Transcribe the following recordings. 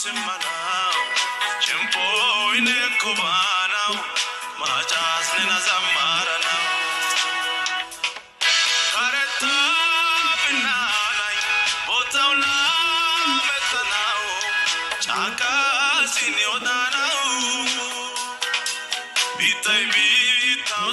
Semana, tiempo en el cubano, machas nenas amadas.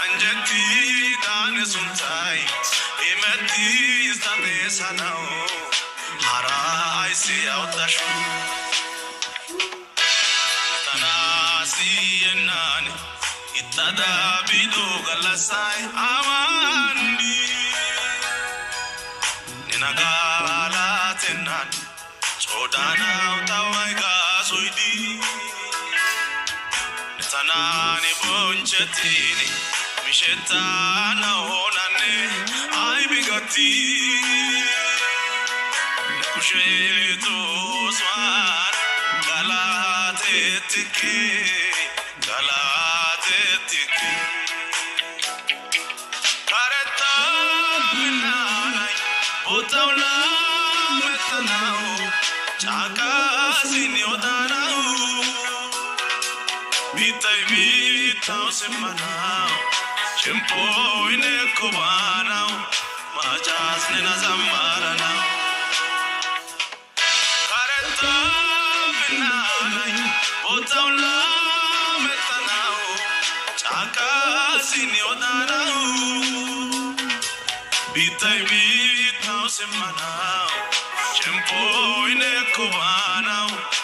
anjatti taane suntai himatti istante sanao harai si autashu tanasi enani ittada bido galasai amani ninagala tenan chodanao mshetini mishetana honane aibigati nekushetuzwan galatetike Bitai bitnao semanao, chempo ine kubanao.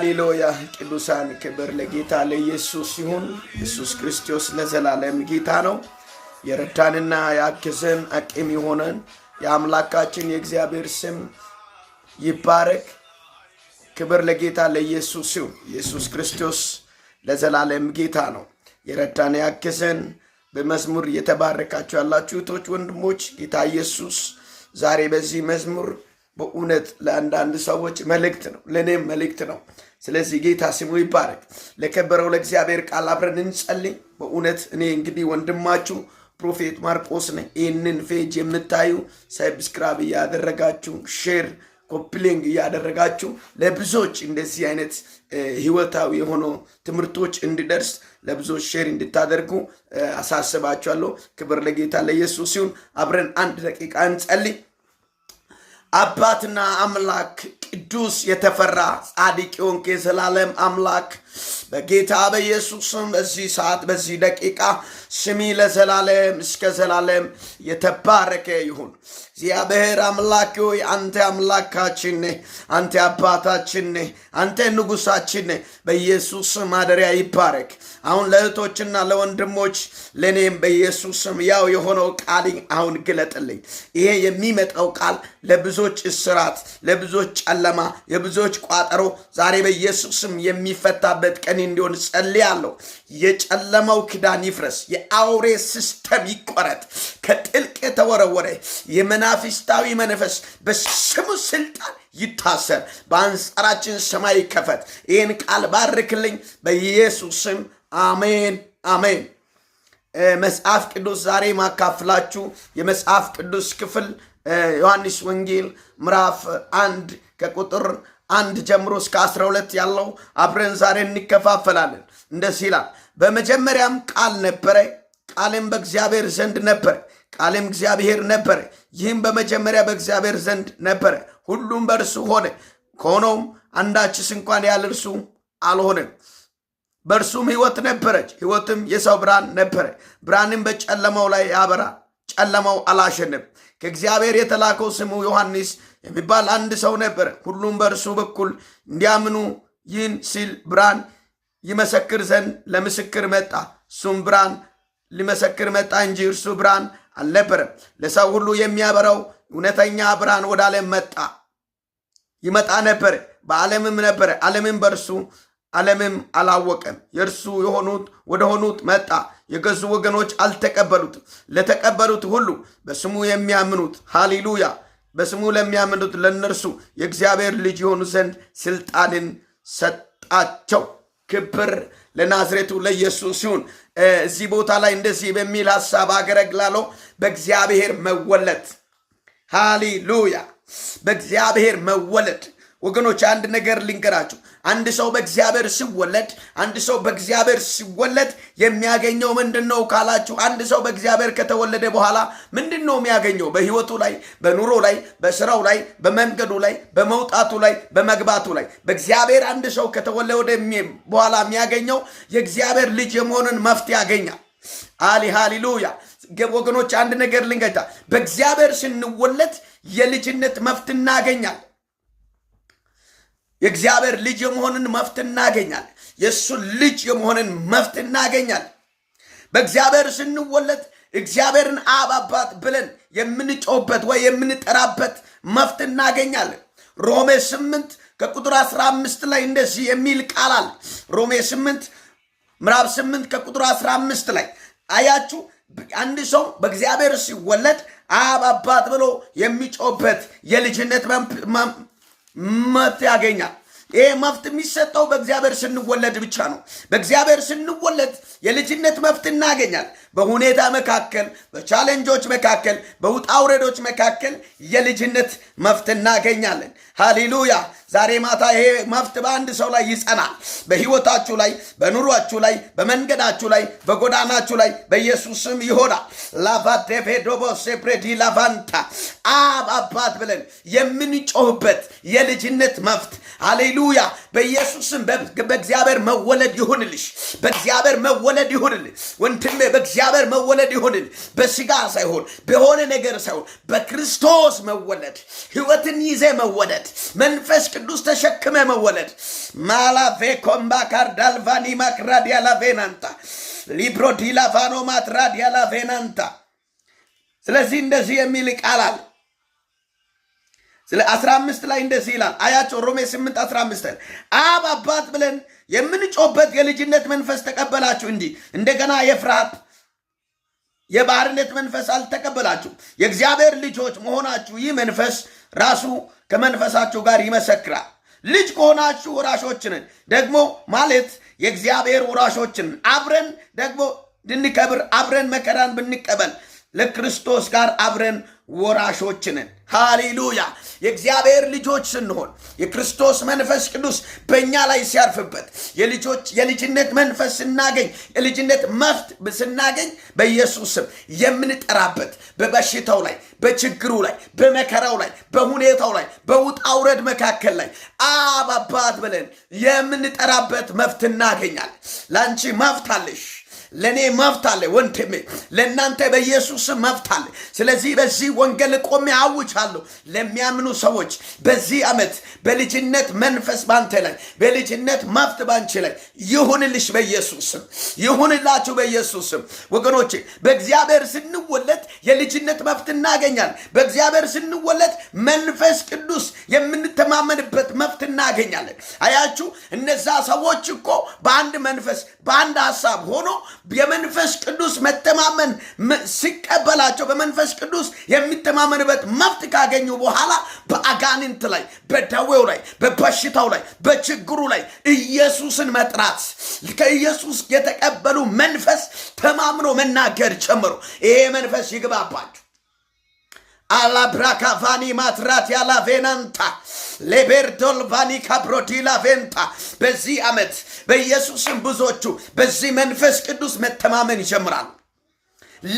ሃሌሉያ ቅዱሳን፣ ክብር ለጌታ ለኢየሱስ ይሁን። ኢየሱስ ክርስቶስ ለዘላለም ጌታ ነው። የረዳንና ያገዘን አቅም የሆነን የአምላካችን የእግዚአብሔር ስም ይባረክ። ክብር ለጌታ ለኢየሱስ ይሁን። ኢየሱስ ክርስቶስ ለዘላለም ጌታ ነው። የረዳን ያገዘን በመዝሙር የተባረካችሁ ያላችሁ እህቶች፣ ወንድሞች ጌታ ኢየሱስ ዛሬ በዚህ መዝሙር በእውነት ለአንዳንድ ሰዎች መልእክት ነው፣ ለእኔም መልእክት ነው። ስለዚህ ጌታ ስሙ ይባረክ። ለከበረው ለእግዚአብሔር ቃል አብረን እንጸልይ። በእውነት እኔ እንግዲህ ወንድማችሁ ፕሮፌት ማርቆስ ነ ይህንን ፌጅ የምታዩ ሰብስክራይብ እያደረጋችሁ ሼር ኮፕሊንግ እያደረጋችሁ ለብዙዎች እንደዚህ አይነት ህይወታዊ የሆኑ ትምህርቶች እንዲደርስ ለብዙዎች ሼር እንድታደርጉ አሳስባችኋለሁ። ክብር ለጌታ ለኢየሱስ ሲሆን አብረን አንድ ደቂቃ እንጸልይ። አባትና አምላክ ቅዱስ የተፈራ ጻድቅ የሆንክ የዘላለም አምላክ በጌታ በኢየሱስም በዚህ ሰዓት በዚህ ደቂቃ ስሚ ለዘላለም እስከ ዘላለም የተባረከ ይሁን። እግዚአብሔር አምላክ ሆይ አንተ አምላካችን ነህ፣ አንተ አባታችን ነህ፣ አንተ ንጉሳችን ነህ። በኢየሱስ ማደሪያ ይባረክ። አሁን ለእህቶችና ለወንድሞች ለእኔም በኢየሱስም ያው የሆነው ቃል አሁን ግለጥልኝ። ይሄ የሚመጣው ቃል ለብዙዎች እስራት፣ ለብዙዎች ጨለማ፣ የብዙዎች ቋጠሮ ዛሬ በኢየሱስም የሚፈታበት ቀን እንዲሆን ጸልያለሁ። የጨለማው ክዳን ይፍረስ፣ የአውሬ ሲስተም ይቆረጥ፣ ከጥልቅ የተወረወረ የመና መናፍስታዊ መንፈስ በስሙ ስልጣን ይታሰር፣ በአንጻራችን ሰማይ ይከፈት። ይህን ቃል ባርክልኝ በኢየሱስም አሜን፣ አሜን። መጽሐፍ ቅዱስ ዛሬ ማካፍላችሁ የመጽሐፍ ቅዱስ ክፍል ዮሐንስ ወንጌል ምዕራፍ አንድ ከቁጥር አንድ ጀምሮ እስከ አስራ ሁለት ያለው አብረን ዛሬ እንከፋፈላለን። እንደዚህ ይላል፣ በመጀመሪያም ቃል ነበረ፣ ቃልም በእግዚአብሔር ዘንድ ነበር ቃልም እግዚአብሔር ነበረ፣ ይህም በመጀመሪያ በእግዚአብሔር ዘንድ ነበረ። ሁሉም በእርሱ ሆነ፣ ከሆነውም አንዳችስ እንኳን ያለ እርሱ አልሆነም። በእርሱም ሕይወት ነበረች፣ ሕይወትም የሰው ብርሃን ነበረ። ብርሃንም በጨለማው ላይ ያበራ፣ ጨለማው አላሸንም። ከእግዚአብሔር የተላከው ስሙ ዮሐንስ የሚባል አንድ ሰው ነበረ። ሁሉም በእርሱ በኩል እንዲያምኑ ይህን ሲል ብርሃን ይመሰክር ዘንድ ለምስክር መጣ። እሱም ብርሃን ሊመሰክር መጣ እንጂ እርሱ ብርሃን አልነበረም። ለሰው ሁሉ የሚያበራው እውነተኛ ብርሃን ወደ ዓለም መጣ ይመጣ ነበር፣ በዓለምም ነበረ፣ ዓለምም በእርሱ ዓለምም አላወቀም። የእርሱ የሆኑት ወደ ሆኑት መጣ፣ የገዙ ወገኖች አልተቀበሉትም። ለተቀበሉት ሁሉ በስሙ የሚያምኑት ሃሌሉያ፣ በስሙ ለሚያምኑት ለእነርሱ የእግዚአብሔር ልጅ የሆኑ ዘንድ ስልጣንን ሰጣቸው። ክብር ለናዝሬቱ ለኢየሱስ ይሁን። እዚህ ቦታ ላይ እንደዚህ በሚል ሀሳብ አገረግላለሁ። በእግዚአብሔር መወለድ ሃሌሉያ፣ በእግዚአብሔር መወለድ ወገኖች አንድ ነገር ልንገራችሁ። አንድ ሰው በእግዚአብሔር ሲወለድ አንድ ሰው በእግዚአብሔር ሲወለድ የሚያገኘው ምንድን ነው ካላችሁ፣ አንድ ሰው በእግዚአብሔር ከተወለደ በኋላ ምንድን ነው የሚያገኘው? በህይወቱ ላይ፣ በኑሮ ላይ፣ በስራው ላይ፣ በመንገዱ ላይ፣ በመውጣቱ ላይ፣ በመግባቱ ላይ በእግዚአብሔር አንድ ሰው ከተወለደ በኋላ የሚያገኘው የእግዚአብሔር ልጅ የመሆንን መፍት ያገኛል። አሊ ሃሌሉያ ወገኖች አንድ ነገር ልንገታ፣ በእግዚአብሔር ስንወለድ የልጅነት መፍት እናገኛል። የእግዚአብሔር ልጅ የመሆንን መፍት እናገኛል። የእሱን ልጅ የመሆንን መፍት እናገኛል። በእግዚአብሔር ስንወለድ እግዚአብሔርን አብ አባት ብለን የምንጮህበት ወይ የምንጠራበት መፍት እናገኛል። ሮሜ ስምንት ከቁጥር አስራ አምስት ላይ እንደዚህ የሚል ቃል አለ። ሮሜ ስምንት ምዕራፍ ስምንት ከቁጥር አስራ አምስት ላይ አያችሁ። አንድ ሰው በእግዚአብሔር ሲወለድ አብ አባት ብሎ የሚጮህበት የልጅነት መብት ያገኛል። ይሄ መብት የሚሰጠው በእግዚአብሔር ስንወለድ ብቻ ነው። በእግዚአብሔር ስንወለድ የልጅነት መብት እናገኛል። በሁኔታ መካከል፣ በቻሌንጆች መካከል፣ በውጣውረዶች መካከል የልጅነት መፍት እናገኛለን። ሃሌሉያ! ዛሬ ማታ ይሄ መፍት በአንድ ሰው ላይ ይጸናል። በህይወታችሁ ላይ፣ በኑሯችሁ ላይ፣ በመንገዳችሁ ላይ፣ በጎዳናችሁ ላይ በኢየሱስም ይሆናል። ላቫደቬዶቦሴፕሬዲ ላቫንታ አብ አባት ብለን የምንጮህበት የልጅነት መፍት ሃሌሉያ! በኢየሱስም በእግዚአብሔር መወለድ ይሁንልሽ። በእግዚአብሔር መወለድ ይሁንልሽ ወንድሜ በእግዚ የእግዚአብሔር መወለድ ይሆንን በስጋ ሳይሆን በሆነ ነገር ሳይሆን በክርስቶስ መወለድ፣ ህይወትን ይዜ መወለድ፣ መንፈስ ቅዱስ ተሸክመ መወለድ ማላቬ ኮምባካር ዳልቫኒ ራዲያላ ቬናንታ ሊፕሮዲላቫኖ ቫኖማት ቬናንታ። ስለዚህ እንደዚህ የሚል ቃላል ስለ 15 ላይ እንደዚህ ይላል። አያቸው ሮሜ 8 15 አብ አባት ብለን የምንጮበት የልጅነት መንፈስ ተቀበላችሁ እንዲ እንደገና የፍርሃት የባርነት መንፈስ አልተቀበላችሁ። የእግዚአብሔር ልጆች መሆናችሁ ይህ መንፈስ ራሱ ከመንፈሳችሁ ጋር ይመሰክራል። ልጅ ከሆናችሁ ወራሾችንን ደግሞ ማለት የእግዚአብሔር ወራሾችንን አብረን ደግሞ እንድንከብር አብረን መከራን ብንቀበል ለክርስቶስ ጋር አብረን ወራሾች ነን። ሃሌሉያ! የእግዚአብሔር ልጆች ስንሆን የክርስቶስ መንፈስ ቅዱስ በእኛ ላይ ሲያርፍበት የልጆች የልጅነት መንፈስ ስናገኝ የልጅነት መፍት ስናገኝ በኢየሱስ ስም የምንጠራበት በበሽታው ላይ በችግሩ ላይ በመከራው ላይ በሁኔታው ላይ በውጣውረድ መካከል ላይ አባባት ብለን የምንጠራበት መፍት እናገኛለን። ለአንቺ መፍት አለሽ። ለእኔ መብት አለ ወንድሜ፣ ለእናንተ በኢየሱስ መብት አለ። ስለዚህ በዚህ ወንጌል ቆሜ አውጃለሁ ለሚያምኑ ሰዎች በዚህ ዓመት በልጅነት መንፈስ ባንተ ላይ በልጅነት መብት ባንቺ ላይ ይሁንልሽ፣ በኢየሱስም ይሁንላችሁ፣ በኢየሱስም ወገኖቼ። በእግዚአብሔር ስንወለድ የልጅነት መብት እናገኛል። በእግዚአብሔር ስንወለድ መንፈስ ቅዱስ የምንተማመንበት መብት እናገኛለን። አያችሁ እነዛ ሰዎች እኮ በአንድ መንፈስ በአንድ ሀሳብ ሆኖ የመንፈስ ቅዱስ መተማመን ሲቀበላቸው በመንፈስ ቅዱስ የሚተማመንበት መብት ካገኙ በኋላ በአጋንንት ላይ፣ በደዌው ላይ፣ በበሽታው ላይ፣ በችግሩ ላይ ኢየሱስን መጥራት ከኢየሱስ የተቀበሉ መንፈስ ተማምኖ መናገር ጀምሩ። ይሄ መንፈስ ይግባባቸው። አላብራካቫኒ ማትራት ያላቬናንታ ሌቤርዶል ቫኒካ ብሮዲላ በዚህ ዓመት በኢየሱስም ብዙዎቹ በዚህ መንፈስ ቅዱስ መተማመን ይጀምራሉ።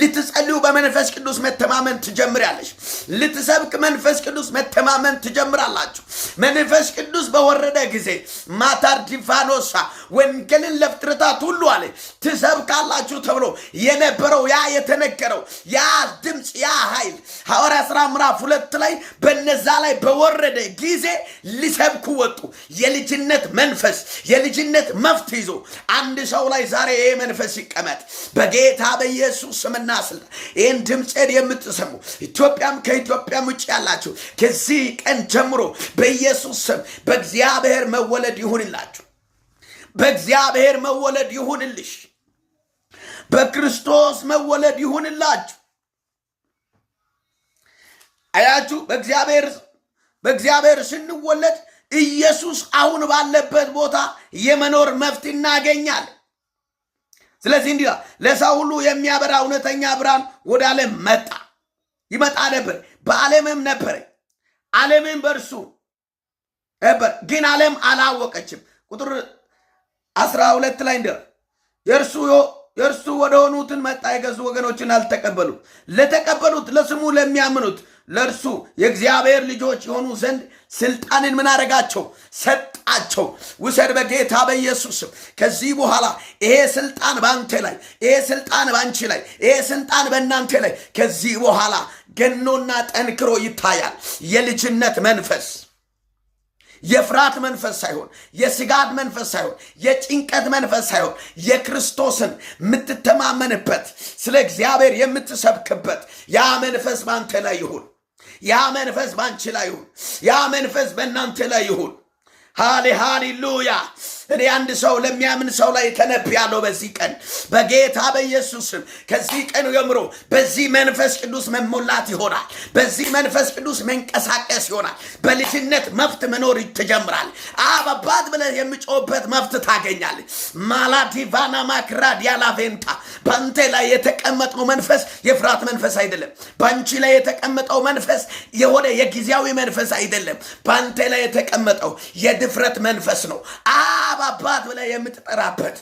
ልትጸልዩ በመንፈስ ቅዱስ መተማመን ትጀምራለች። ልትሰብክ መንፈስ ቅዱስ መተማመን ትጀምራላችሁ። መንፈስ ቅዱስ በወረደ ጊዜ ማታር ዲፋኖሳ ወንጌልን ለፍጥረታት ሁሉ አለ ትሰብካላችሁ ተብሎ የነበረው ያ የተነገረው ያ ድምፅ ያ ኃይል ሐዋርያ ሥራ ምዕራፍ ሁለት ላይ በነዛ ላይ በወረደ ጊዜ ሊሰብኩ ወጡ። የልጅነት መንፈስ የልጅነት መፍት ይዞ አንድ ሰው ላይ ዛሬ ይሄ መንፈስ ይቀመጥ በጌታ በኢየሱስ ጥቅምና ስልጣን ይህን ድምፄን የምትሰሙ ኢትዮጵያም ከኢትዮጵያም ውጭ ያላችሁ ከዚህ ቀን ጀምሮ በኢየሱስ ስም በእግዚአብሔር መወለድ ይሁንላችሁ። በእግዚአብሔር መወለድ ይሁንልሽ። በክርስቶስ መወለድ ይሁንላችሁ። አያችሁ፣ በእግዚአብሔር በእግዚአብሔር ስንወለድ ኢየሱስ አሁን ባለበት ቦታ የመኖር መፍት እናገኛለን። ስለዚህ እንዲህ ለሰው ሁሉ የሚያበራ እውነተኛ ብርሃን ወደ ዓለም መጣ። ይመጣ ነበር፣ በዓለምም ነበረ፣ ዓለምም በእርሱ ነበር፣ ግን ዓለም አላወቀችም። ቁጥር አስራ ሁለት ላይ እንደ የእርሱ ወደ ወደሆኑትን መጣ። የገዙ ወገኖችን አልተቀበሉ ለተቀበሉት ለስሙ ለሚያምኑት ለእርሱ የእግዚአብሔር ልጆች የሆኑ ዘንድ ስልጣንን ምን አደረጋቸው? ሰጣቸው። ውሰድ በጌታ በኢየሱስም። ከዚህ በኋላ ይሄ ስልጣን በአንተ ላይ፣ ይሄ ስልጣን በአንቺ ላይ፣ ይሄ ስልጣን በእናንተ ላይ ከዚህ በኋላ ገኖና ጠንክሮ ይታያል። የልጅነት መንፈስ የፍርሃት መንፈስ ሳይሆን የስጋት መንፈስ ሳይሆን የጭንቀት መንፈስ ሳይሆን የክርስቶስን የምትተማመንበት ስለ እግዚአብሔር የምትሰብክበት ያ መንፈስ ባንተ ላይ ይሁን። ያ መንፈስ ባንቺ ላይ ይሁን። ያ መንፈስ በእናንተ ላይ ይሁን። ሃሌ ሃሌሉያ እኔ አንድ ሰው ለሚያምን ሰው ላይ ተነብ ያለው በዚህ ቀን በጌታ በኢየሱስም ከዚህ ቀን ጀምሮ በዚህ መንፈስ ቅዱስ መሞላት ይሆናል። በዚህ መንፈስ ቅዱስ መንቀሳቀስ ይሆናል። በልጅነት መፍት መኖር ትጀምራል። አብ አባት ብለህ የሚጮህበት መፍት ታገኛል። ማላዲቫና ማክራድ ያላቬንታ በአንተ ላይ የተቀመጠው መንፈስ የፍርሃት መንፈስ አይደለም። በአንቺ ላይ የተቀመጠው መንፈስ የሆነ የጊዜያዊ መንፈስ አይደለም። በአንተ ላይ የተቀመጠው የድፍረት መንፈስ ነው። አባት ብለህ የምትጠራበት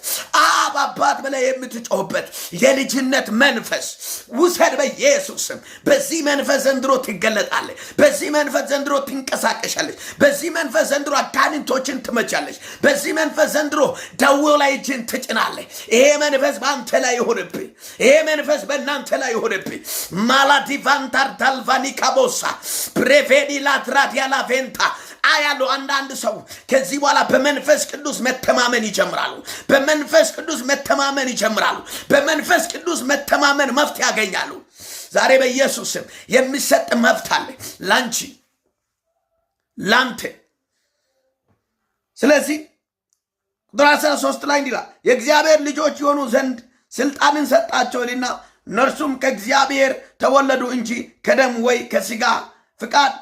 አብ አባት ብለህ የምትጮህበት የልጅነት መንፈስ ውሰድ በኢየሱስም። በዚህ መንፈስ ዘንድሮ ትገለጣለች። በዚህ መንፈስ ዘንድሮ ትንቀሳቀሻለች። በዚህ መንፈስ ዘንድሮ አጋንንቶችን ትመቻለች። በዚህ መንፈስ ዘንድሮ ደዌው ላይ እጅን ትጭናለች። ይሄ መንፈስ በአንተ ላይ ይሁንብህ። ይሄ መንፈስ በእናንተ ላይ ይሁንብህ። ማላዲቫንታር ዳልቫኒ ያለው አንዳንድ ሰው ከዚህ በኋላ በመንፈስ ቅዱስ መተማመን ይጀምራሉ። በመንፈስ ቅዱስ መተማመን ይጀምራሉ። በመንፈስ ቅዱስ መተማመን መፍት ያገኛሉ። ዛሬ በኢየሱስም የሚሰጥ መፍት አለ ላንቺ፣ ላንተ። ስለዚህ ቁጥር 13 ላይ እንዲላ የእግዚአብሔር ልጆች የሆኑ ዘንድ ስልጣንን ሰጣቸው ልና እነርሱም ከእግዚአብሔር ተወለዱ እንጂ ከደም ወይ ከስጋ ፍቃድ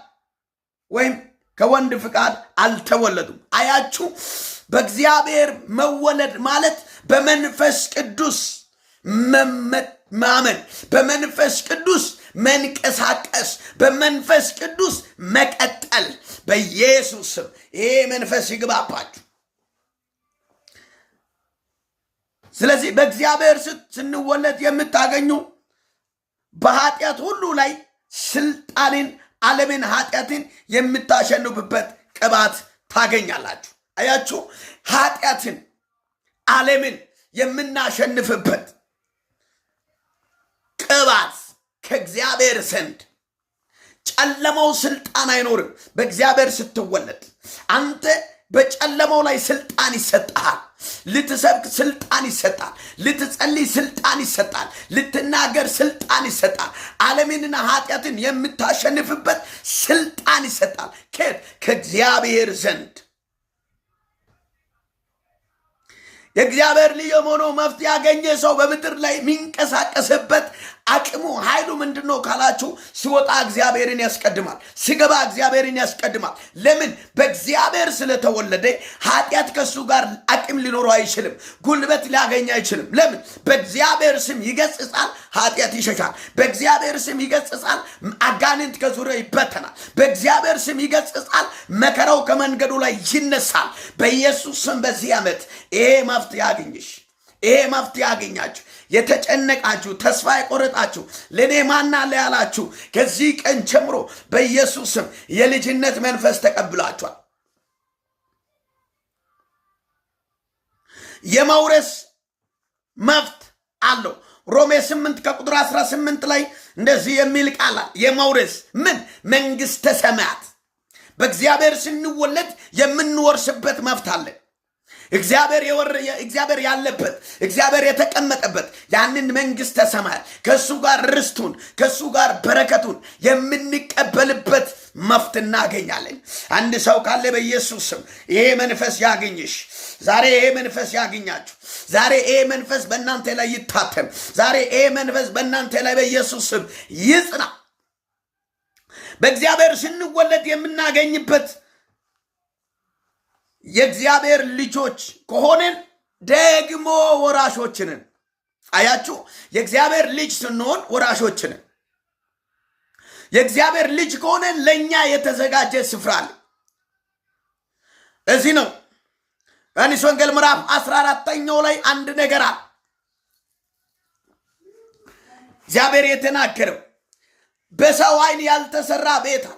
ወይም ከወንድ ፍቃድ አልተወለዱም። አያችሁ፣ በእግዚአብሔር መወለድ ማለት በመንፈስ ቅዱስ ማመን፣ በመንፈስ ቅዱስ መንቀሳቀስ፣ በመንፈስ ቅዱስ መቀጠል። በኢየሱስ ስም ይሄ መንፈስ ይግባባችሁ። ስለዚህ በእግዚአብሔር ስንወለድ የምታገኙ በኃጢአት ሁሉ ላይ ስልጣኔን ዓለምን ኃጢአትን የምታሸንፍበት ቅባት ታገኛላችሁ። አያችሁ፣ ኃጢአትን ዓለምን የምናሸንፍበት ቅባት ከእግዚአብሔር ዘንድ ጨለመው ስልጣን አይኖርም። በእግዚአብሔር ስትወለድ አንተ በጨለማው ላይ ስልጣን ይሰጣል። ልትሰብክ ስልጣን ይሰጣል። ልትጸልይ ስልጣን ይሰጣል። ልትናገር ስልጣን ይሰጣል። ዓለምንና ኃጢአትን የምታሸንፍበት ስልጣን ይሰጣል። ከየት? ከእግዚአብሔር ዘንድ። የእግዚአብሔር ልጅ ሆኖ መፍትሄ ያገኘ ሰው በምድር ላይ የሚንቀሳቀስበት አቅሙ ኃይሉ ምንድን ነው ካላችሁ፣ ሲወጣ እግዚአብሔርን ያስቀድማል፣ ሲገባ እግዚአብሔርን ያስቀድማል። ለምን? በእግዚአብሔር ስለተወለደ ኃጢአት ከሱ ጋር አቅም ሊኖረው አይችልም፣ ጉልበት ሊያገኝ አይችልም። ለምን? በእግዚአብሔር ስም ይገስጻል፣ ኃጢአት ይሸሻል። በእግዚአብሔር ስም ይገስጻል፣ አጋንንት ከዙሪያው ይበተናል። በእግዚአብሔር ስም ይገስጻል፣ መከራው ከመንገዱ ላይ ይነሳል። በኢየሱስ ስም በዚህ ዓመት ይሄ መፍትሄ አገኘሽ፣ ይሄ መፍትሄ አገኛችሁ። የተጨነቃችሁ፣ ተስፋ የቆረጣችሁ ለእኔ ማና ለያላችሁ ያላችሁ ከዚህ ቀን ጀምሮ በኢየሱስ ስም የልጅነት መንፈስ ተቀብሏችኋል። የመውረስ መብት አለው። ሮሜ 8 ከቁጥር 18 ላይ እንደዚህ የሚል ቃል የመውረስ ምን መንግሥተ ሰማያት በእግዚአብሔር ስንወለድ የምንወርስበት መብት አለን። እግዚአብሔር እግዚአብሔር ያለበት እግዚአብሔር የተቀመጠበት ያንን መንግስተ ሰማያት ከእሱ ጋር ርስቱን ከእሱ ጋር በረከቱን የምንቀበልበት መፍት እናገኛለን። አንድ ሰው ካለ በኢየሱስ ስም ይሄ መንፈስ ያገኝሽ። ዛሬ ይሄ መንፈስ ያገኛችሁ። ዛሬ ይሄ መንፈስ በእናንተ ላይ ይታተም። ዛሬ ይሄ መንፈስ በእናንተ ላይ በኢየሱስ ስም ይጽና። በእግዚአብሔር ስንወለድ የምናገኝበት የእግዚአብሔር ልጆች ከሆንን ደግሞ ወራሾችንን። አያችሁ፣ የእግዚአብሔር ልጅ ስንሆን ወራሾችንን። የእግዚአብሔር ልጅ ከሆንን ለእኛ የተዘጋጀ ስፍራ አለ። እዚህ ነው ዮሐንስ ወንጌል ምዕራፍ አስራ አራተኛው ላይ አንድ ነገር አለ። እግዚአብሔር የተናገረው በሰው ዓይን ያልተሰራ ቤት አለ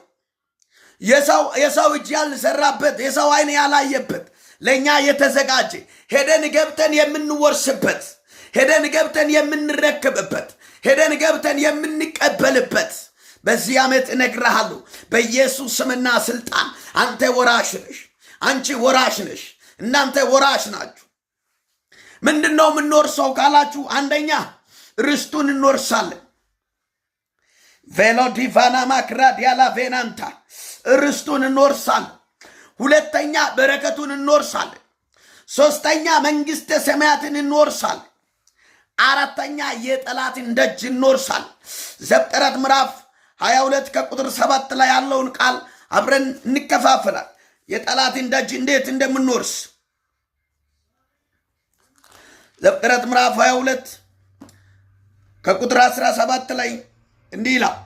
የሰው እጅ ያልሰራበት የሰው አይን ያላየበት ለእኛ የተዘጋጀ ሄደን ገብተን የምንወርስበት ሄደን ገብተን የምንረክብበት ሄደን ገብተን የምንቀበልበት በዚህ ዓመት እነግርሃለሁ። በኢየሱስ ስምና ስልጣን አንተ ወራሽ ነሽ፣ አንቺ ወራሽ ነሽ፣ እናንተ ወራሽ ናችሁ። ምንድን ነው የምንወርሰው ካላችሁ፣ አንደኛ ርስቱን እንወርሳለን። ቬሎዲቫና ማክራድ ያላ ቬናንታ ርስቱን እንወርሳለን። ሁለተኛ በረከቱን እንወርሳለን። ሶስተኛ መንግስተ ሰማያትን እንወርሳለን። አራተኛ የጠላትን ደጅ እንወርሳለን። ዘፍጥረት ምዕራፍ 22 ከቁጥር ሰባት ላይ ያለውን ቃል አብረን እንከፋፈላል። የጠላትን ደጅ እንዴት እንደምንወርስ ዘፍጥረት ምዕራፍ 22 ከቁጥር 17 ላይ እንዲህ ይላል።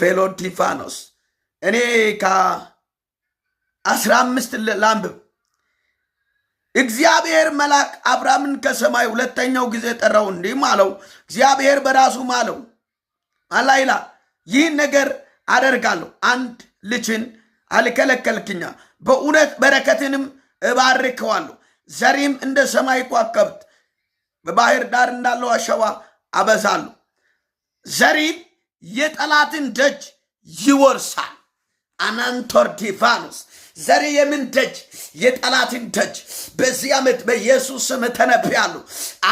ፌሎንቲፋኖስ እኔ ከአስራ አምስት ላንብብ። እግዚአብሔር መልአክ አብርሃምን ከሰማይ ሁለተኛው ጊዜ ጠራው፣ እንዲህም አለው። እግዚአብሔር በራሱም አለው አላይላ ይህን ነገር አደርጋለሁ፣ አንድ ልጅን አልከለከልክኛ፣ በእውነት በረከትንም እባርከዋለሁ፣ ዘሪም እንደ ሰማይ ከዋክብት በባህር ዳር እንዳለው አሸዋ አበዛሉ ዘሪም የጠላትን ደጅ ይወርሳል። አናንቶር ዲቫኖስ ዘሬ የምን ደጅ የጠላትን ደጅ በዚህ ዓመት በኢየሱስ ስም ተነብያለሁ።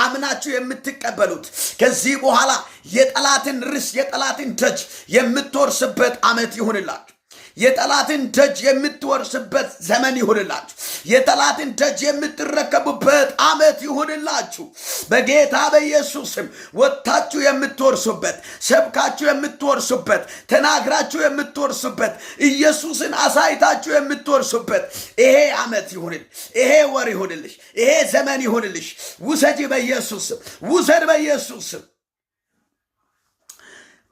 አምናችሁ የምትቀበሉት ከዚህ በኋላ የጠላትን ርስ የጠላትን ደጅ የምትወርስበት ዓመት ይሁንላችሁ። የጠላትን ደጅ የምትወርስበት ዘመን ይሁንላችሁ። የጠላትን ደጅ የምትረከቡበት ዓመት ይሁንላችሁ። በጌታ በኢየሱስም ወጥታችሁ የምትወርሱበት፣ ሰብካችሁ የምትወርሱበት፣ ተናግራችሁ የምትወርሱበት፣ ኢየሱስን አሳይታችሁ የምትወርሱበት ይሄ ዓመት ይሁንል። ይሄ ወር ይሁንልሽ። ይሄ ዘመን ይሁንልሽ። ውሰጂ በኢየሱስም ውሰድ በኢየሱስም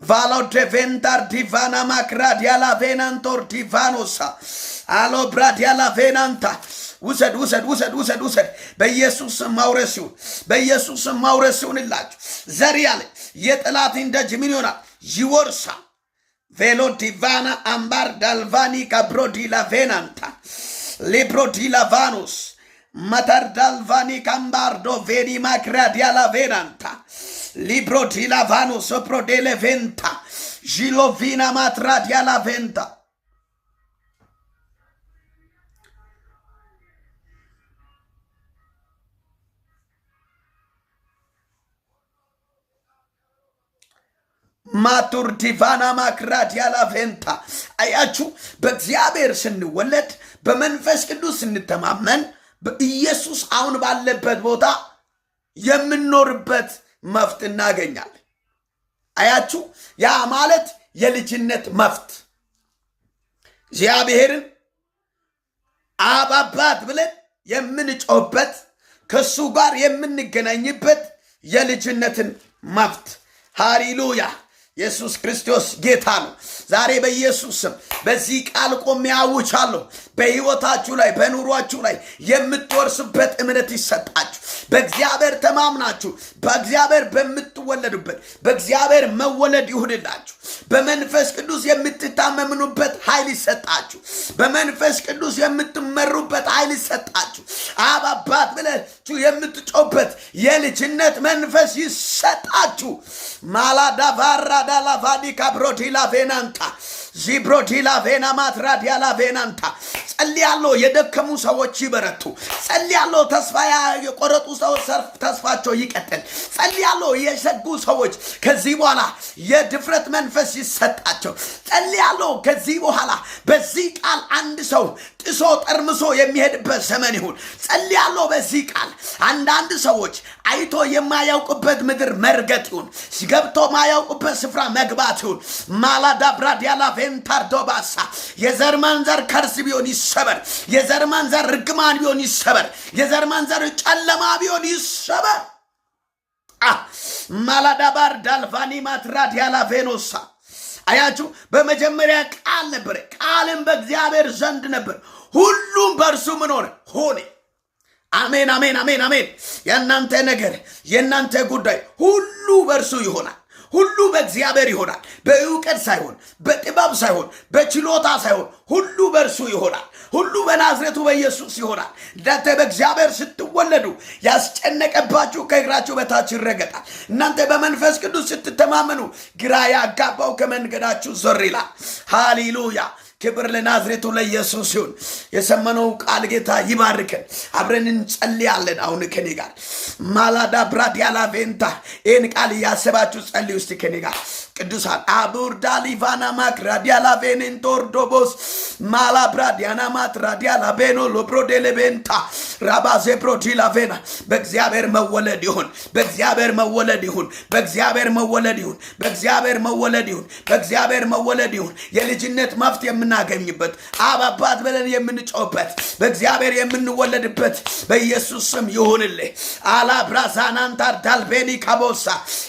valodevendar divana la venantor divanosa አሎብራዲያላ ቬናንታ ውሰድ ውሰድ ውሰድ ውሰድ ውሰድ በኢየሱስ ማውረስ ይሁን በኢየሱስ ማውረስ ይሁንላችሁ። ዘር ያለ የጠላትን ደጅ ምን ይሆናል? ይወርሳል። ቬሎ ዲቫና አምባር ዳልቫኒ ካብሮዲላ ቬናንታ ሊብሮዲላ ቫኖስ መተር ዳልቫኒ ካምባርዶ ቬኒ ማክራዲያላ ቬናንታ libro di lavano sopra delle venta, gilovina matra di alla venta. ማቱር ዲቫና ማክራድ ያላቬንታ አያችሁ። በእግዚአብሔር ስንወለድ በመንፈስ ቅዱስ ስንተማመን በኢየሱስ አሁን ባለበት ቦታ የምንኖርበት መፍት እናገኛለን። አያችሁ፣ ያ ማለት የልጅነት መፍት እግዚአብሔርን አብ አባት ብለን የምንጮህበት ከሱ ጋር የምንገናኝበት የልጅነትን መፍት ሃሌሉያ ኢየሱስ ክርስቶስ ጌታ ነው። ዛሬ በኢየሱስ ስም በዚህ ቃል ቆሜ አውጃለሁ። በሕይወታችሁ ላይ በኑሯችሁ ላይ የምትወርሱበት እምነት ይሰጣችሁ። በእግዚአብሔር ተማምናችሁ በእግዚአብሔር በምትወለዱበት በእግዚአብሔር መወለድ ይሁንላችሁ። በመንፈስ ቅዱስ የምትታመምኑበት ኃይል ይሰጣችሁ። በመንፈስ ቅዱስ የምትመሩበት ኃይል ይሰጣችሁ። አብ አባት ብለችሁ የምትጮበት የልጅነት መንፈስ ይሰጣችሁ። ማላዳቫራ ዳላቫዲካ ብሮዲላ ቬናንታ ዚብሮዲላ ቬና ማትራዲያላ ቬናንታ ጸልያለሁ የደከሙ ሰዎች ይበረቱ። ጸልያለሁ ተስፋ የቆረጡ ሰዎች ተስፋቸው ይቀጥል። ጸልያለሁ የሸጉ ሰዎች ከዚህ በኋላ የድፍረት መንፈስ ይሰጣቸው። ጸልያለሁ ከዚህ በኋላ በዚህ ቃል አንድ ሰው ጥሶ ጠርምሶ የሚሄድበት ዘመን ይሁን። ጸልያለሁ በዚህ ቃል አንዳንድ ሰዎች አይቶ የማያውቅበት ምድር መርገጥ ይሁን። ገብቶ ማያውቁበት ስፍራ መግባት ይሁን። ማላዳብራዲያላ ቬንታርዶባሳ የዘር ማንዘር ከርስ ቢሆን ይሰበር። የዘር ማንዘር ርግማን ቢሆን ይሰበር። የዘር ማንዘር ጨለማ ቢሆን ይሰበር። ማላዳባር ዳልፋኒ ማትራድ ያላፌኖሳ አያችሁ፣ በመጀመሪያ ቃል ነበር፣ ቃልም በእግዚአብሔር ዘንድ ነበር፣ ሁሉም በእርሱ ምን ሆነ ሆነ። አሜን፣ አሜን፣ አሜን፣ አሜን። የእናንተ ነገር የእናንተ ጉዳይ ሁሉ በእርሱ ይሆናል። ሁሉ በእግዚአብሔር ይሆናል። በእውቀት ሳይሆን፣ በጥበብ ሳይሆን፣ በችሎታ ሳይሆን ሁሉ በእርሱ ይሆናል። ሁሉ በናዝሬቱ በኢየሱስ ይሆናል። እናንተ በእግዚአብሔር ስትወለዱ ያስጨነቀባችሁ ከእግራችሁ በታች ይረገጣል። እናንተ በመንፈስ ቅዱስ ስትተማመኑ ግራ ያጋባው ከመንገዳችሁ ዞር ይላል። ሃሌሉያ። ክብር ለናዝሬቱ ለኢየሱስ ይሁን። የሰመነው ቃል ጌታ ይባርክን። አብረን እንጸልያለን። አሁን ከኔ ጋር ማላዳ ብራዲያላ ቬንታ ይህን ቃል እያሰባችሁ ጸልይ ውስጥ ከኔ ጋር ቅዱሳን አቡርዳሊቫና ማክ ራዲያላ ቬኔንቶርዶቦስ ማላብራ ዲያናማት ራዲያላ ቤኖ ሎብሮዴሌቤንታ ራባ ቬና በእግዚአብሔር መወለድ ይሁን፣ በእግዚአብሔር መወለድ ይሁን፣ በእግዚአብሔር መወለድ ይሁን፣ በእግዚአብሔር መወለድ ይሁን፣ በእግዚአብሔር መወለድ ይሁን። የልጅነት መፍት የምናገኝበት አብ አባት ብለን የምንጮበት በእግዚአብሔር የምንወለድበት በኢየሱስ ስም ይሁንልህ። አላብራዛናንታር ዳልቤኒ ካቦሳ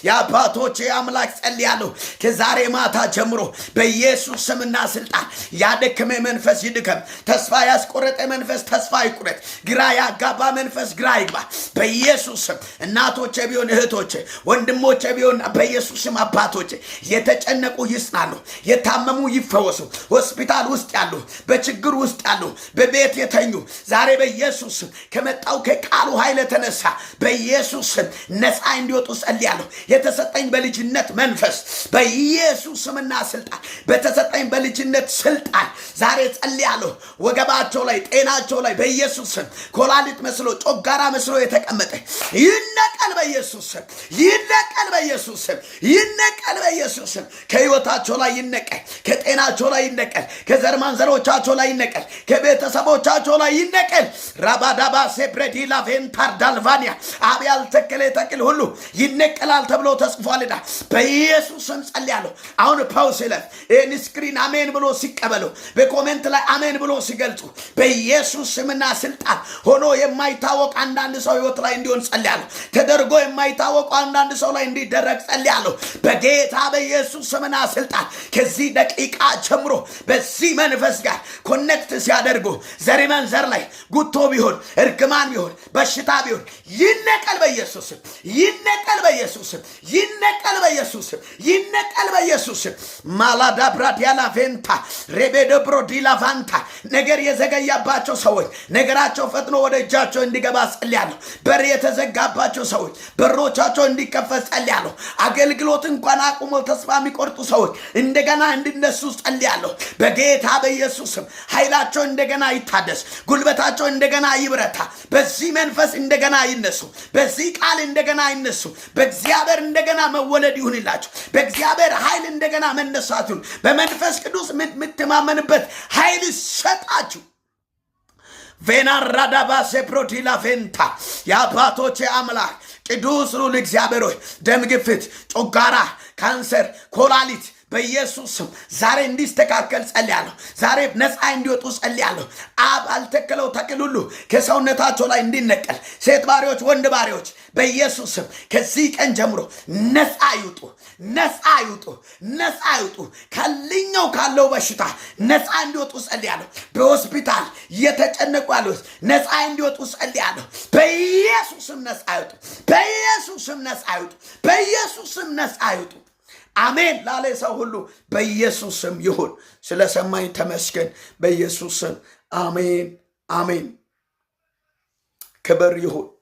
የአባቶቼ አምላክ ጸልያለሁ። ከዛሬ ማታ ጀምሮ በኢየሱስ ስምና ስልጣን ያደከመ መንፈስ ይድከም። ተስፋ ያስቆረጠ መንፈስ ተስፋ ይቁረጥ። ግራ ያጋባ መንፈስ ግራ ይግባ በኢየሱስ ስም። እናቶች ቢሆን እህቶች፣ ወንድሞች ቢሆን በኢየሱስ ስም አባቶች የተጨነቁ ይጽናሉ፣ የታመሙ ይፈወሱ። ሆስፒታል ውስጥ ያሉ፣ በችግር ውስጥ ያሉ፣ በቤት የተኙ ዛሬ በኢየሱስ ስም ከመጣው ከቃሉ ኃይል የተነሳ በኢየሱስ ስም ነፃ እንዲወጡ ጸልያለሁ። የተሰጠኝ በልጅነት መንፈስ በኢየሱስ ስምና ስልጣን በተሰጠኝ በልጅነት ስልጣን ዛሬ ጸልያለሁ። ወገባቸው ላይ ጤናቸው ላይ በኢየሱስ ስም ኮላሊት መስሎ ጮጋራ መስሎ የተቀመጠ ይነቀል በኢየሱስ ስም፣ ይነቀል በኢየሱስ ስም፣ ይነቀል በኢየሱስ ስም። ከህይወታቸው ላይ ይነቀል፣ ከጤናቸው ላይ ይነቀል፣ ከዘርማን ዘሮቻቸው ላይ ይነቀል፣ ከቤተሰቦቻቸው ላይ ይነቀል። ራባዳባ ሴፕሬዲላ ቬንታር ዳልቫኒያ አብያል ተክለ ተክል ሁሉ ይነቀላል ተብሎ ተጽፏልና በኢየሱስ ስም ጸልያለሁ። አሁን ፓውስ ይለፍ ይህን ስክሪን አሜን ብሎ ሲቀበሉ፣ በኮሜንት ላይ አሜን ብሎ ሲገልጹ በኢየሱስ ስምና ስልጣን ሆኖ የማይታወቅ አንዳንድ ሰው ህይወት ላይ እንዲሆን ጸልያለሁ። ተደርጎ የማይታወቁ አንዳንድ ሰው ላይ እንዲደረግ ጸልያለሁ። በጌታ በኢየሱስ ስምና ስልጣን ከዚህ ደቂቃ ጀምሮ በዚህ መንፈስ ጋር ኮኔክት ሲያደርጉ ዘሪ መንዘር ላይ ጉቶ ቢሆን እርግማን ቢሆን በሽታ ቢሆን ይነቀል በኢየሱስም ይነቀል በኢየሱስም ይነቀል በኢየሱስም ስም ይነቀል በኢየሱስ ማላዳ ብራዲያላ ቬንታ ሬቤደ ብሮዲላ ቫንታ ነገር የዘገያባቸው ሰዎች ነገራቸው ፈጥኖ ወደ እጃቸው እንዲገባ ጸልያለሁ። በር የተዘጋባቸው ሰዎች በሮቻቸው እንዲከፈት ጸልያለሁ። አገልግሎት እንኳን አቁመው ተስፋ የሚቆርጡ ሰዎች እንደገና እንዲነሱ ጸልያለሁ። በጌታ በኢየሱስም ኃይላቸው እንደገና ይታደስ፣ ጉልበታቸው እንደገና ይብረታ። በዚህ መንፈስ እንደገና ይነሱ፣ በዚህ ቃል እንደገና ይነሱ። በእግዚአብሔር እንደገና መወለድ ይሁንላቸው። በእግዚአብሔር ኃይል እንደገና መነሳቱን በመንፈስ ቅዱስ የምትማመንበት ኃይል ይሰጣችሁ። ራዳባ ሴፕሮቲላ ቬንታ የአባቶቼ አምላክ ቅዱስ ሉል እግዚአብሔር ሆይ ደም ግፊት፣ ጮጋራ፣ ካንሰር፣ ኮላሊት በኢየሱስ ስም ዛሬ እንዲስተካከል ጸልያለሁ። ዛሬ ነፃ እንዲወጡ ጸልያለሁ። አብ አልተከለው ተክል ሁሉ ከሰውነታቸው ላይ እንዲነቀል፣ ሴት ባሪዎች፣ ወንድ ባሪዎች በኢየሱስ ስም ከዚህ ቀን ጀምሮ ነፃ ይውጡ፣ ነፃ ይውጡ፣ ነፃ ይውጡ። ከልኛው ካለው በሽታ ነፃ እንዲወጡ ጸልያለሁ። በሆስፒታል እየተጨነቁ ያሉት ነፃ እንዲወጡ ጸልያለሁ። በኢየሱስም ነፃ ይውጡ፣ በኢየሱስም ነፃ ይውጡ፣ በኢየሱስም ነፃ ይውጡ። አሜን ላለ ሰው ሁሉ በኢየሱስ ስም ይሁን። ስለሰማኝ ተመስገን። በኢየሱስ ስም አሜን፣ አሜን። ክብር ይሁን።